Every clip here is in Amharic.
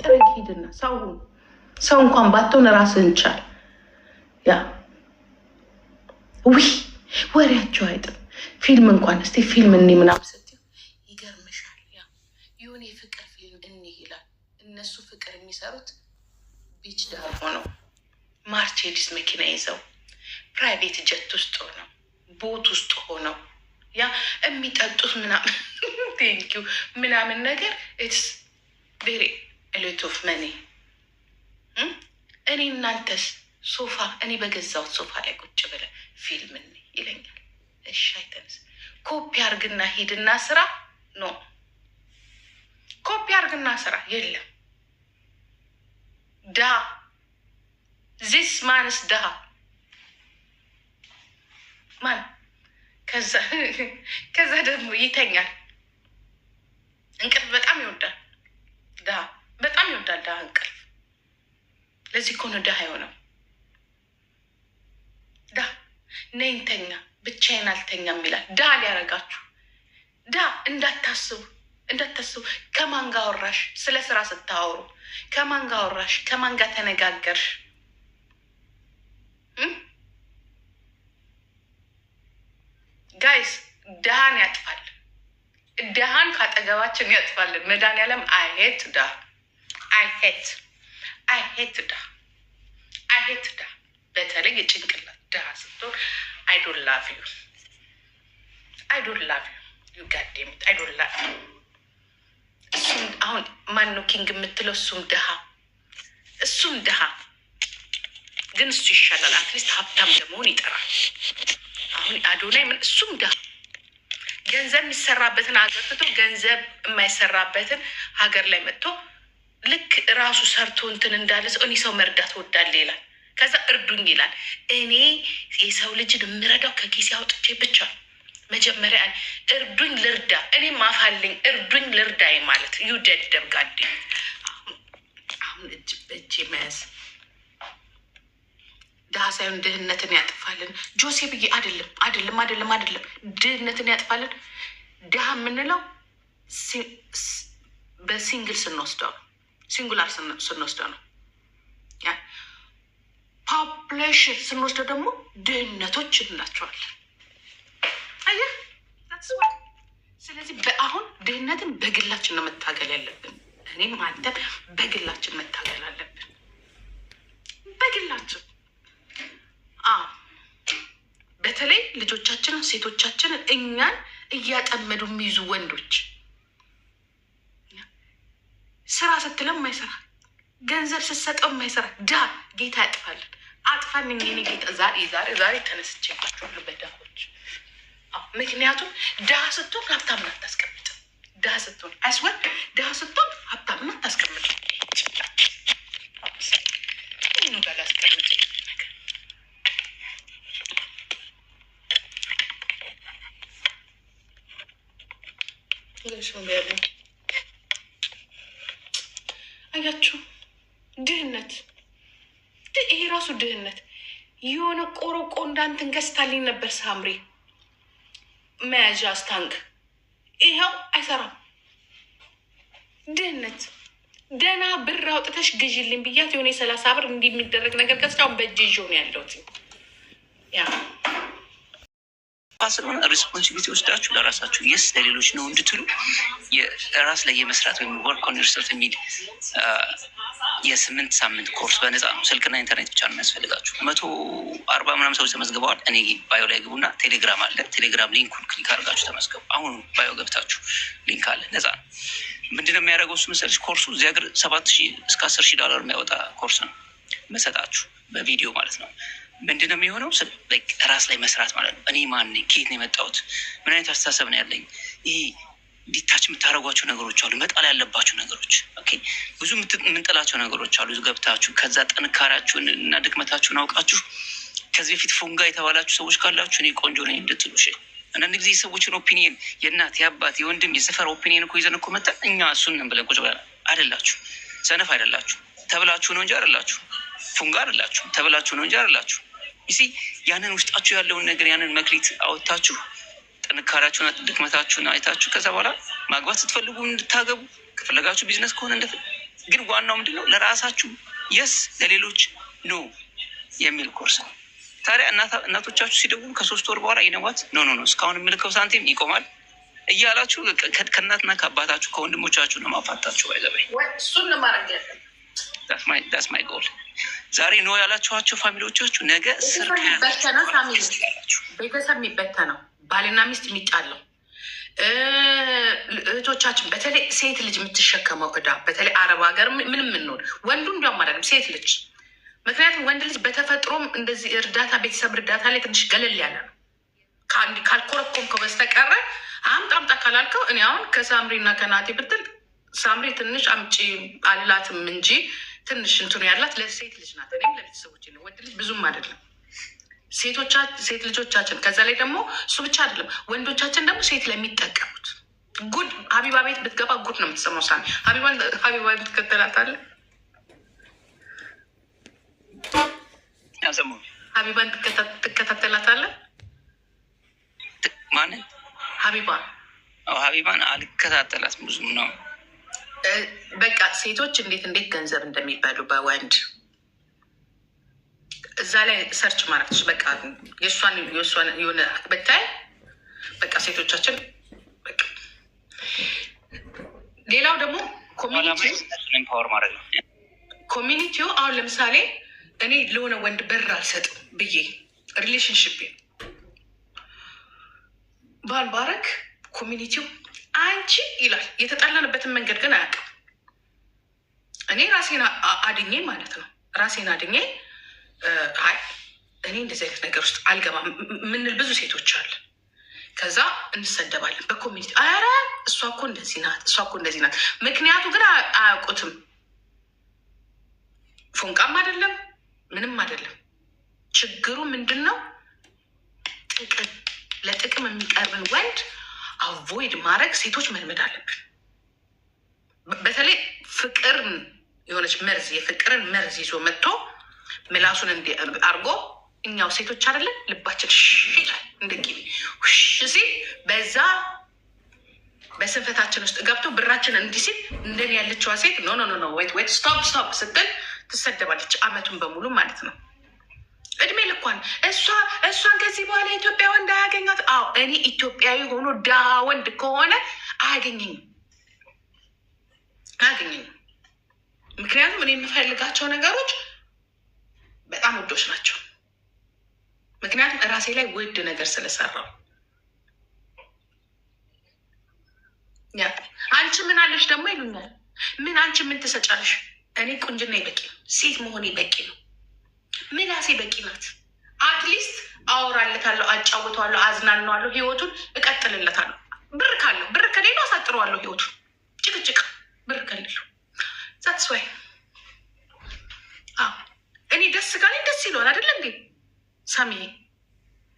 ጥረግ ሂድና ሰው ሰው እንኳን ባትሆን ራስህን ቻል። ያ ውይ ወሬያቸው አይጥም። ፊልም እንኳን እስቲ ፊልም እኔ ምናምን ስትይው ይገርምሻል። ያ የሆነ የፍቅር ፊልም እኔ ይላል። እነሱ ፍቅር የሚሰሩት ቢች ዳር ሆነው ማርቼዲስ መኪና ይዘው ፕራይቬት ጀት ውስጥ ሆነው ቦት ውስጥ ሆነው ያ የሚጠጡት ምናምን ቴንኪው ምናምን ነገር ኢትስ ቬሪ ሎቶፍ መኔ እኔ እናንተስ ሶፋ እኔ በገዛሁት ሶፋ ላይ ቁጭ ብለ ፊልም ይለኛል። እሺ አይተንስ ኮፒ አርግና ሂድና ስራ ኖ ኮፒ አርግና ስራ የለም። ድሃ ዚስ ማንስ ድሃ ማን ከዛ ደግሞ ይተኛል እንቅልፍ ለዚህ እኮ ነው ድሃ የሆነው። ዳ ነይንተኛ ብቻዬን አልተኛም ይላል። ዳ ሊያረጋችሁ ዳ እንዳታስቡ እንዳታስቡ። ከማን ጋር አወራሽ? ስለ ስራ ስታወሩ ከማን ጋር አወራሽ? ከማን ጋር ተነጋገርሽ? ጋይስ ድሃን ያጥፋል። ድሃን ከአጠገባችን ያጥፋልን። መድኃኒዓለም አይሄት ዳ አይሄት አይሄት ዳ አሄት ዳ በተለይ የጭንቅላት ድሃ ስትሆን አይዶን ላቭ ዩ አይዶን ላቭ ዩ ዩ ጋዴምት አይዶን ላቭ ዩ። እሱም አሁን ማን ነው ኪንግ የምትለው? እሱም ድሃ እሱም ድሃ ግን እሱ ይሻላል። አትሊስት ሀብታም ለመሆን ይጠራል። አሁን አዶናይ ምን እሱም ድሃ ገንዘብ የሚሰራበትን ሀገር ትቶ ገንዘብ የማይሰራበትን ሀገር ላይ መጥቶ ልክ ራሱ ሰርቶ እንትን እንዳለ ሰው እኔ ሰው መርዳት እወዳለሁ ይላል። ከዛ እርዱኝ ይላል። እኔ የሰው ልጅን የምረዳው ከኪሴ አውጥቼ ብቻ ነው። መጀመሪያ እርዱኝ ልርዳ፣ እኔ ማፋለኝ እርዱኝ ልርዳይ ማለት ዩ ደድ ደብጋዴ አሁን እጅ በእጅ መያዝ ድሃ ሳይሆን ድህነትን ያጥፋልን። ጆሴ ብዬ አይደለም አይደለም አይደለም አይደለም፣ ድህነትን ያጥፋልን። ድሃ የምንለው በሲንግል ስንወስደው ሲንጉላር ስንወስደ ነው። ፖፕሌሽን ስንወስደ ደግሞ ድህነቶች እንላቸዋለን። አየህ፣ ስለዚህ አሁን ድህነትን በግላችን ነው መታገል ያለብን። እኔም አንተም በግላችን መታገል አለብን። በግላችን በተለይ ልጆቻችንን፣ ሴቶቻችንን እኛን እያጠመዱ የሚይዙ ወንዶች ስራ ስትለው ማይሰራ፣ ገንዘብ ስትሰጠው ማይሰራ። ዳ ጌታ ያጥፋልን። አጥፋን የኔ ጌታ። ዛሬ ዛሬ ዛሬ ተነስቼባችኋለሁ በዳዎች። ምክንያቱም ድሃ ስትሆን ሀብታምን አታስቀምጥም። ድሃ ስትሆን አይስወን ድሃ ስትሆን ሀብታምን ሽ ያለ አያችሁ፣ ድህነት ይሄ ራሱ ድህነት። የሆነ ቆሮቆ እንዳንትን ገዝታልኝ ነበር ሳምሪ መያዣ ስታንግ፣ ይኸው አይሰራም። ድህነት ደህና ብር አውጥተሽ ግዥልን ብያት የሆነ የሰላሳ ብር እንዲህ የሚደረግ ነገር ገዝቼ አሁን በእጅ ይዤው ነው ያለሁት። ስለሆነ ሪስፖንሲቢሊቲ ወስዳችሁ ለራሳችሁ የስ ለሌሎች ነው እንድትሉ ራስ ላይ የመስራት ወይም ወርክ ኦን ዮርሰልፍ የሚል የስምንት ሳምንት ኮርስ በነፃ ነው። ስልክና ኢንተርኔት ብቻ ነው የሚያስፈልጋችሁ። መቶ አርባ ምናምን ሰዎች ተመዝግበዋል። እኔ ባዮ ላይ ግቡና ቴሌግራም አለ። ቴሌግራም ሊንኩን ክሊክ አድርጋችሁ ተመዝገቡ። አሁኑ ባዮ ገብታችሁ ሊንክ አለ፣ ነፃ ነው። ነው የሚያደርገው እሱ መሰለች ኮርሱ እዚህ ሀገር ሰባት ሺህ እስከ አስር ሺህ ዶላር የሚያወጣ ኮርስ ነው መሰጣችሁ በቪዲዮ ማለት ነው። ምንድነው የሚሆነው? ራስ ላይ መስራት ማለት ነው። እኔ ማን ነኝ? ከየት ነው የመጣሁት? ምን አይነት አስተሳሰብ ነው ያለኝ? ይሄ ዲታች የምታደረጓቸው ነገሮች አሉ፣ መጣል ያለባቸው ነገሮች፣ ብዙ የምንጥላቸው ነገሮች አሉ። ገብታችሁ ከዛ ጥንካሬያችሁን እና ድክመታችሁን አውቃችሁ ከዚህ በፊት ፎንጋ የተባላችሁ ሰዎች ካላችሁ እኔ ቆንጆ ነኝ እንድትሉ አንዳንድ ጊዜ የሰዎችን ኦፒኒየን የእናት የአባት የወንድም የሰፈር ኦፒኒየን እኮ ይዘን እኮ መጣን እኛ እሱንም ብለን ቁጭ ብለን አይደላችሁ፣ ሰነፍ አይደላችሁ ተብላችሁ ነው እንጂ አይደላችሁ ፉንጋ አይደላችሁ ተብላችሁ ነው እንጂ አይደላችሁ ይሲ ያንን ውስጣችሁ ያለውን ነገር ያንን መክሊት አወጥታችሁ ጥንካሬያችሁና ድክመታችሁን አይታችሁ ከዛ በኋላ ማግባት ስትፈልጉ እንድታገቡ ከፈለጋችሁ ቢዝነስ ከሆነ እንደ ግን ዋናው ምንድን ነው? ለራሳችሁ የስ ለሌሎች ኖ የሚል ኮርስ ነው። ታዲያ እናቶቻችሁ ሲደውሉ ከሶስት ወር በኋላ ይነዋት ኖ ኖ ኖ እስካሁን የምልከው ሳንቲም ይቆማል እያላችሁ ከእናትና ከአባታችሁ ከወንድሞቻችሁ ነው ማፋታችሁ። ይዘበ እሱን ማረግ ያለ ዳስ ማይ ጎል። ዛሬ ኖ ያላችኋቸው ፋሚሊዎቻችሁ ነገ ቤተሰብ የሚበተነው ባልና ሚስት የሚጣለው እህቶቻችን በተለይ ሴት ልጅ የምትሸከመው እዳ በተለይ አረብ ሀገር ምንም ምንሆን ወንዱ እንዲያውም አይደለም ሴት ልጅ። ምክንያቱም ወንድ ልጅ በተፈጥሮም እንደዚህ እርዳታ ቤተሰብ እርዳታ ላይ ትንሽ ገለል ያለ ነው። ካልኮረኮምከው በስተቀረ አምጣ አምጣ ካላልከው እኔ አሁን ከሳምሪ እና ከናቴ ብትል ሳምሪ ትንሽ አምጪ አልላትም እንጂ ትንሽ እንትኑ ያላት ለሴት ልጅ ናት። እኔም ለቤተሰቦች ወንድ ልጅ ብዙም አይደለም ሴት ልጆቻችን። ከዛ ላይ ደግሞ እሱ ብቻ አይደለም ወንዶቻችን ደግሞ ሴት ለሚጠቀሙት ጉድ ሀቢባ ቤት ብትገባ ጉድ ነው የምትሰማው። ሳሚ ሀቢባ ትከተላታለህ? ሀቢባን ትከታተላታለህ? ማንን? ሀቢባ ሀቢባን አልከታተላትም ብዙም ነው በቃ ሴቶች እንዴት እንዴት ገንዘብ እንደሚበሉ በወንድ እዛ ላይ ሰርች ማድረግ ትችል። በቃ የእሷን የእሷን የሆነ ብታይ በቃ ሴቶቻችን ሌላው ደግሞ ኮሚኒቲው አሁን ለምሳሌ እኔ ለሆነ ወንድ በር አልሰጥም ብዬ ሪሌሽንሽፕ ባልባረክ ኮሚኒቲው አንቺ ይላል። የተጣላንበትን መንገድ ግን አያውቅም። እኔ ራሴን አድኜ ማለት ነው ራሴን አድኜ አይ እኔ እንደዚህ አይነት ነገር ውስጥ አልገባም ምንል ብዙ ሴቶች አለ። ከዛ እንሰደባለን በኮሚኒቲ ኧረ እሷ እኮ እንደዚህ ናት፣ እሷ እኮ እንደዚህ ናት። ምክንያቱ ግን አያውቁትም። ፎንቃም አይደለም ምንም አይደለም። ችግሩ ምንድን ነው? ጥቅም ለጥቅም የሚቀርብን ወንድ አቮይድ ማድረግ ሴቶች መልመድ አለብን። በተለይ ፍቅር የሆነች መርዝ የፍቅርን መርዝ ይዞ መጥቶ ምላሱን እንዲ አርጎ እኛው ሴቶች አይደለን ልባችን ይላል እንደ ሲል በዛ በስንፈታችን ውስጥ ገብቶ ብራችን እንዲህ ሲል እንደኔ ያለችዋ ሴት ኖ ኖ ኖ ወይት ወይት ስቶፕ ስቶፕ ስትል ትሰደባለች፣ አመቱን በሙሉ ማለት ነው። እድሜ ልኳን እሷ እሷን ከዚህ በኋላ ኢትዮጵያ ወንድ አያገኛት። አዎ እኔ ኢትዮጵያዊ ሆኖ ድሃ ወንድ ከሆነ አያገኘኝም አያገኘኝም። ምክንያቱም እኔ የምፈልጋቸው ነገሮች በጣም ውዶች ናቸው። ምክንያቱም እራሴ ላይ ውድ ነገር ስለሰራው አንቺ ምን አለሽ ደግሞ ይሉኛል። ምን አንቺ ምን ትሰጫለሽ? እኔ ቁንጅና ይበቂ ነው፣ ሴት መሆን ይበቂ ነው። ምላሴ በቂ ናት። አትሊስት አወራለታለሁ፣ አጫውተዋለሁ፣ አዝናነዋለሁ፣ ህይወቱን እቀጥልለታለሁ። ብር ካለው ብር ከሌለው አሳጥረዋለሁ ህይወቱን ጭቅጭቅ ብር ከሌለው ዛትስ ዋይ እኔ ደስ ካለኝ ደስ ይለዋል። አይደለ እንዴ ሳሚ?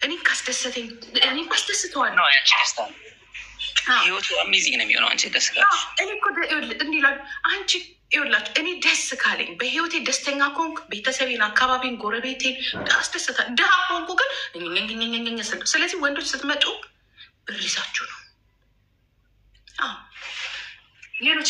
እኔ ካስደሰተኝ እኔ ካስደስተዋል ነው ያቺ ደስታ ነው። ህይወቱ አሜዚንግ ነው የሚሆነው አንቺ ደስ ካለሽ። እኔ እኮ እንዲላሉ አንቺ ይኸውላችሁ እኔ ደስ ካለኝ በህይወቴ ደስተኛ ከሆንኩ ቤተሰቤን፣ አካባቢን፣ ጎረቤቴን አስደስታ ድሀ ከሆንኩ ግን ስለዚህ ወንዶች ስትመጡ ብር ይዛችሁ ነው። ሌሎች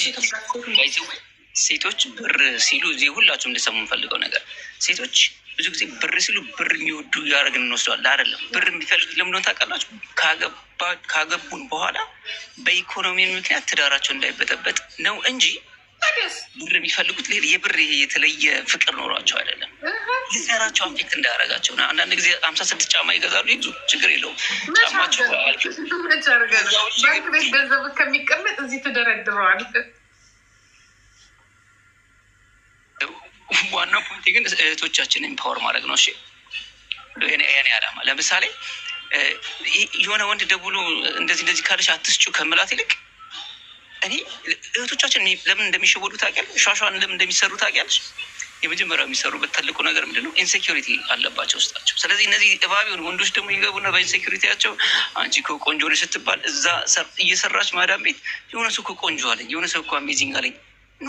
ሴቶች ብር ሲሉ እዚህ ሁላችሁ እንደሰሙ የምፈልገው ነገር ሴቶች ብዙ ጊዜ ብር ሲሉ ብር የሚወዱ ያደርግን እንወስደዋል። አይደለም ብር የሚፈልጉት ለምንሆን ታውቃላችሁ? ካገቡን በኋላ በኢኮኖሚ ምክንያት ትዳራቸው እንዳይበጠበጥ ነው እንጂ ነገስ ብር የሚፈልጉት የብር የተለየ ፍቅር ኖሯቸው አይደለም። ሊዘራቸው አፌክት እንዳያረጋቸው አንዳንድ ጊዜ አምሳ ስድስት ጫማ ይገዛሉ። ይዙ ችግር የለውም። ጫማቸው ባንክ ቤት ገንዘብ ከሚቀመጥ እዚህ ተደረድረዋል። ዋናው ፖንቴ ግን እህቶቻችን ኤምፓወር ማድረግ ነው። እሺ የኔ አላማ ለምሳሌ የሆነ ወንድ ደውሎ እንደዚህ እንደዚህ ካለሽ አትስጩ ከምላት ይልቅ እኔ እህቶቻችን ለምን እንደሚሸወዱ ታውቂያለሽ? ሻሻን ለምን እንደሚሰሩ ታውቂያለሽ? የመጀመሪያው የሚሰሩበት ትልቁ ነገር ምንድነው? ኢንሴኪሪቲ አለባቸው ውስጣቸው። ስለዚህ እነዚህ እባብ ወንዶች ደግሞ ይገቡና በኢንሴኪሪቲያቸው አንቺ እኮ ቆንጆ ነሽ ስትባል እዛ እየሰራች ማዳም ቤት የሆነ ሰው እኮ ቆንጆ አለኝ፣ የሆነ ሰው እኮ አሜዚንግ አለኝ። ኖ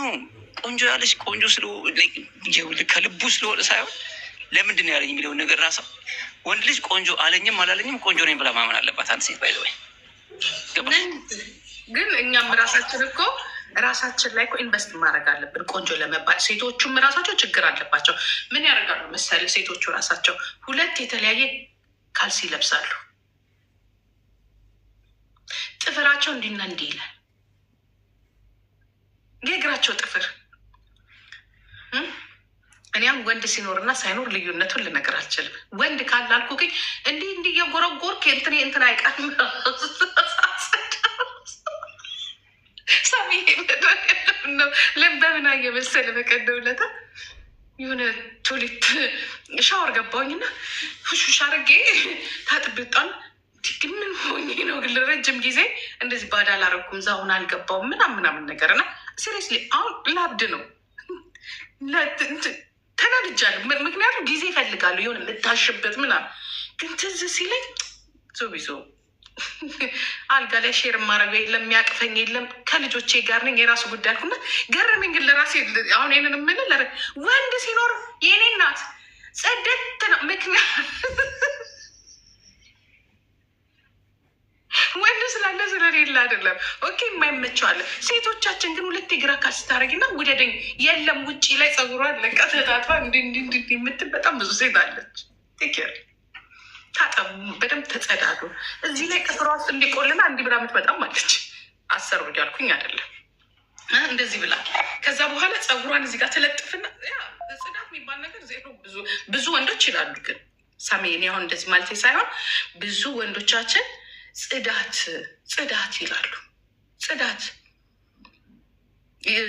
ቆንጆ ያለች ቆንጆ ከልቡ ስለሆነ ሳይሆን ለምንድን ነው ያለኝ የሚለውን ነገር ራሳ ወንድ ልጅ ቆንጆ አለኝም አላለኝም ቆንጆ ነኝ ብላ ማመን አለባት አንድ ሴት ባይዘወይ ግን እኛም ራሳችን እኮ ራሳችን ላይ ኢንቨስት ማድረግ አለብን ቆንጆ ለመባል። ሴቶቹም ራሳቸው ችግር አለባቸው። ምን ያደርጋሉ መሰለ? ሴቶቹ ራሳቸው ሁለት የተለያየ ካልሲ ይለብሳሉ። ጥፍራቸው እንዲና እንዲህ ይላል። የእግራቸው ጥፍር እኔም ወንድ ሲኖርና ሳይኖር ልዩነቱን ልነገር አልችልም። ወንድ ካላልኩ ግን እንዲህ እንዲህ የጎረጎርክ እንትን እንትን አይቃል ሳሚ ነው። ለምን አየህ መሰለህ በቀደም የሆነ ቶሌት ሻወር ገባሁኝና ሹሽ አድርጌ ታጥቤ ወጣሁ። ግን ምን ነው ግን ለረጅም ጊዜ እንደዚህ ባዳ አላረኩም፣ ዛሁን አልገባሁም ምናምን ምናምን ነገር ና ሲሪየስሊ አሁን ላብድ ነው ተናድጃለሁ። ምክንያቱም ጊዜ ይፈልጋሉ የሆነ የምታሽበት ምናምን ግን ትዝ ሲለኝ ዞ አልጋ ላይ ሼር ማድረግ የለም የሚያቅፈኝ የለም ከልጆቼ ጋር ነኝ የራሱ ጉዳይ አልኩና ገረመኝ። ግን ለራሴ አሁን ይንን ምን ወንድ ሲኖር የኔ እናት ጸደት ነው ምክንያት ወንድ ስላለ ስለሌለ አይደለም። ኦኬ የማይመቸዋለ። ሴቶቻችን ግን ሁለት የግራ ካል ስታደረግና ውደደኝ የለም ውጭ ላይ ጸጉሯ ለቀ ተታቷ እንዲ የምትል በጣም ብዙ ሴት አለች። ቴክ ኬር ታጠቡ፣ በደንብ ተጸዳዱ። እዚህ ላይ ከስራ ውስጥ እንዲቆልና እንዲህ ብላ የምትመጣም አለች። አሰሩ እያልኩኝ አይደለም እንደዚህ ብላ ከዛ በኋላ ፀጉሯን እዚህ ጋር ተለጥፍና ጽዳት የሚባል ነገር ዜሮ። ብዙ ብዙ ወንዶች ይላሉ ግን ሰሜን አሁን እንደዚህ ማለት ሳይሆን ብዙ ወንዶቻችን ጽዳት ጽዳት ይላሉ። ጽዳት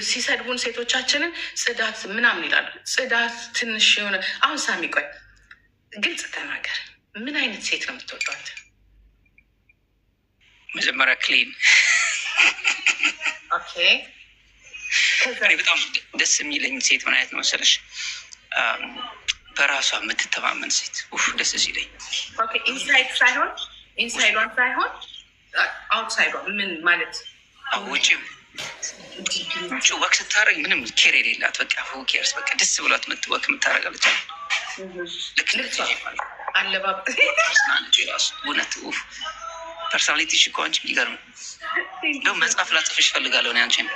ሲሰድቡን ሴቶቻችንን ጽዳት ምናምን ይላሉ። ጽዳት ትንሽ የሆነ አሁን ሳሚ ቆይ ግልጽ ተናገር ምን አይነት ሴት ነው የምትወዷት? መጀመሪያ ክሊን በጣም ደስ የሚለኝ ሴት ምን አይነት ነው መሰለሽ? በራሷ የምትተማመን ሴት ፍ ደስ ሲለኝ፣ ኢንሳይድ ሳይሆን ኢንሳይዷን ሳይሆን አውትሳይዷ ምን ማለት ውጭ ውጭ ወክ ስታደርግ ምንም ኬር የሌላት በቃ ኬርስ በቃ ደስ ብሏት ምትወክ የምታደርጋለች ልክ ልክ ፐርሶናሊቲሽ እኮ አንቺ የሚገርም እንደውም መጽሐፍ ላጽፍሽ እፈልጋለሁ። አንቺን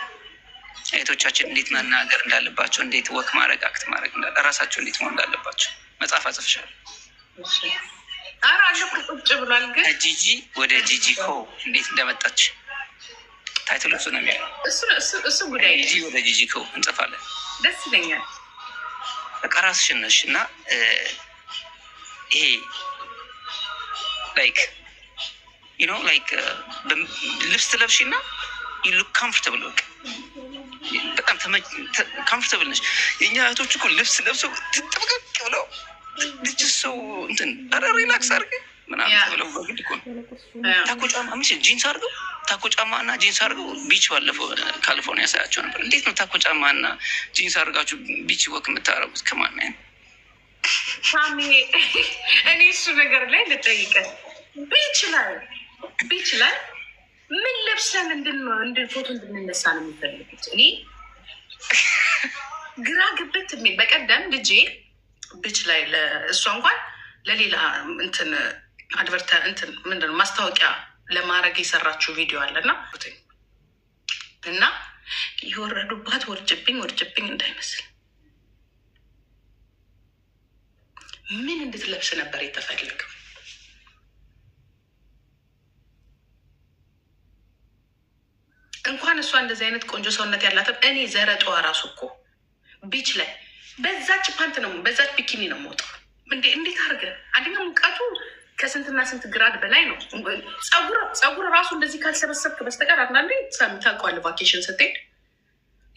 እህቶቻችን እንዴት መናገር እንዳለባቸው፣ እንዴት ወክ ማድረግ አክት ማድረግ ራሳቸው እንዴት መሆን እንዳለባቸው መጽሐፍ አጽፍሻለሁ። ቁጭ ብሏል ግን ከጂጂ ወደ ጂጂ ኮ እንዴት እንደመጣች ታይትል እሱ ነው የሚለው። እሱ ጉዳይ ጂጂ ወደ ጂጂ ኮ እንጽፋለን። ደስ ይለኛል። በቃ ራስሽን ነሽ እና ይሄ ላይክ ዩ ኖ ላይክ ልብስ ትለብሽ እና ዩ ሉክ ካምፎርታብል በቃ በጣም ካምፎርታብል ነች። የእኛ እህቶች እኮ ልብስ ለብሰው ትጥብቅቅ ብለው ልጅ ሰው እንትን ኧረ ሪላክስ አድርገ ምናምን ብለው በግድ እኮ ነው ታኮ ጫማ ምስ ጂንስ አድርገው ታኮ ጫማ እና ጂንስ አድርገው ቢች ባለፈው ካሊፎርኒያ ሳያቸው ነበር። እንዴት ነው ታኮ ጫማ እና ጂንስ አድርጋችሁ ቢች ወክ የምታረጉት? ከማን ነው ሳሚ እኔ እሱ ነገር ላይ ልጠይቀን ቢችላል ላይ ምን ለብሰን እንድ ፎቶ እንድንነሳ ነው የሚፈልጉት? እኔ ግራ ግብት የሚል በቀደም ልጄ ብች ላይ እሷ እንኳን ለሌላ እንትን አድቨርታ እንትን ምንድን ነው ማስታወቂያ ለማድረግ የሰራችው ቪዲዮ አለ እና እና የወረዱባት ወርጅብኝ ወርጅብኝ እንዳይመስል ምን እንድትለብስ ነበር የተፈለገው? እንኳን እሷ እንደዚህ አይነት ቆንጆ ሰውነት ያላትም እኔ ዘረጠዋ ራሱ እኮ ቢች ላይ በዛች ፓንት ነው በዛች ቢኪኒ ነው የምወጣው። እንዴ እንዴት አድርገ አንደኛ ሙቀቱ ከስንትና ስንት ግራድ በላይ ነው። ፀጉር ራሱ እንደዚህ ካልሰበሰብክ በስተቀር አንዳንዴ ታውቀዋለህ፣ ቫኬሽን ስትሄድ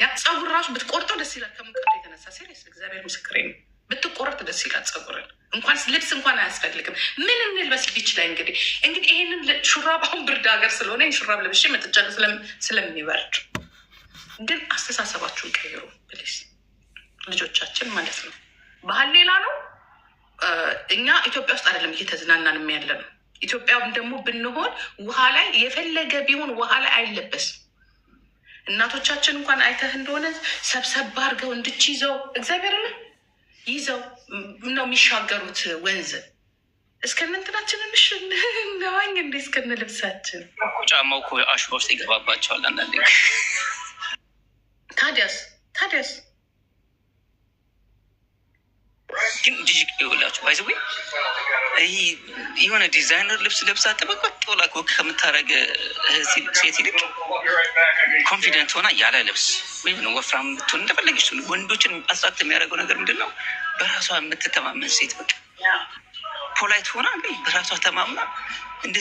ያ ፀጉር ራሱ ብትቆርጠው ደስ ይላል ከሙቀቱ የተነሳ ሴሪየስ። እግዚአብሔር ምስክሬ ነው። ብትቆረጥ ደስ ይላል። ፀጉርን እንኳን ልብስ እንኳን አያስፈልግም። ምን እንልበስ ይችላል። እንግዲህ እንግዲህ ይህንን ሹራብ አሁን ብርድ ሀገር ስለሆነ ሹራብ ለብሼ መጠጫ ስለሚበርድ። ግን አስተሳሰባችሁን ቀይሩ ፕሊስ፣ ልጆቻችን ማለት ነው። ባህል ሌላ ነው። እኛ ኢትዮጵያ ውስጥ አይደለም እየተዝናናንም ያለ ነው። ኢትዮጵያም ደግሞ ብንሆን ውሃ ላይ የፈለገ ቢሆን ውሃ ላይ አይለበስም። እናቶቻችን እንኳን አይተህ እንደሆነ ሰብሰብ አድርገው እንድችይዘው እግዚአብሔር ነው ይዘው ነው የሚሻገሩት ወንዝ እስከነንትናችን ምሽ ነዋኝ እንዴ እስከነ ልብሳችን ጫማው አሸዋ ውስጥ ይገባባቸዋል። አንዳንዴ ታዲያስ ታዲያስ ግን ጂጂ ይኸውላችሁ ባይዘዌ ይህ የሆነ ዲዛይነር ልብስ ለብሳ ጥበቅበቅ ብላ ወክ ሴት ይልቅ ኮንፊደንት ሆና ያለ ልብስ ወይም ወፍራም ብትሆን እንደፈለገች ወንዶችን አስራት የሚያደርገው ነገር ምንድን ነው? በራሷ የምትተማመን ሴት በቃ ፖላይት ሆና በራሷ ተማምና እንደዚህ